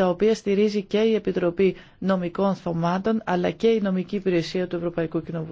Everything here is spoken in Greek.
τα οποία στηρίζει και η Επιτροπή Νομικών Θωμάτων αλλά και η Νομική Υπηρεσία του Ευρωπαϊκού Κοινοβουλίου.